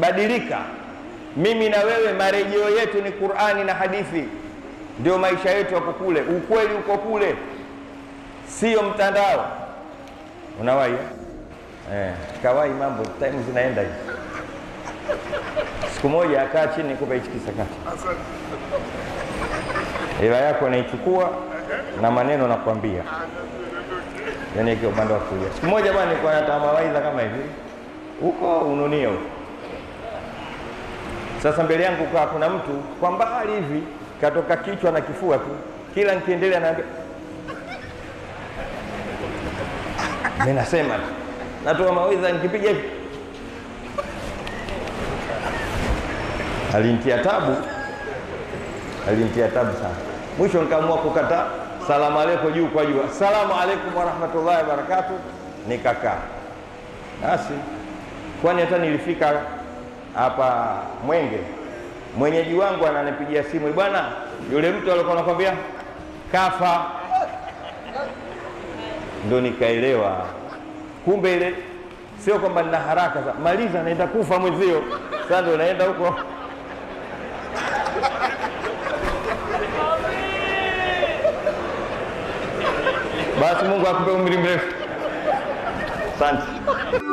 badilika. Mimi na wewe marejeo yetu ni Qur'ani na hadithi, ndio maisha yetu yako kule, ukweli uko kule, sio mtandao. unawai eh, eh kawai mambo, time zinaenda hivi. Siku moja akaa chini, nikupe hichi hela yako naichukua na maneno nakwambia, yani ikiwa upande wa kulia. Siku moja bwana, nilikuwa natoa mawaidha kama hivi huko Ununio sasa mbele yangu kaa kuna mtu kwa mbali hivi katoka kichwa na kifua tu, kila nikiendelea na mimi nasema natoa mawaidha nikipiga hivi. Alinitia tabu, alinitia tabu sana. Mwisho nikaamua kukata salamu aleikum juu kwa juu, assalamu aleikum warahmatullahi wabarakatuh, nikakaa basi, kwani hata nilifika hapa Mwenge, mwenyeji wangu ananipigia simu, bwana, yule mtu alikuwa anakwambia kafa. Ndo nikaelewa kumbe ile sio kwamba nina haraka sasa, maliza, naenda kufa mwenzio. Sasa ndo naenda huko basi. Mungu akupe umri mrefu. Asante.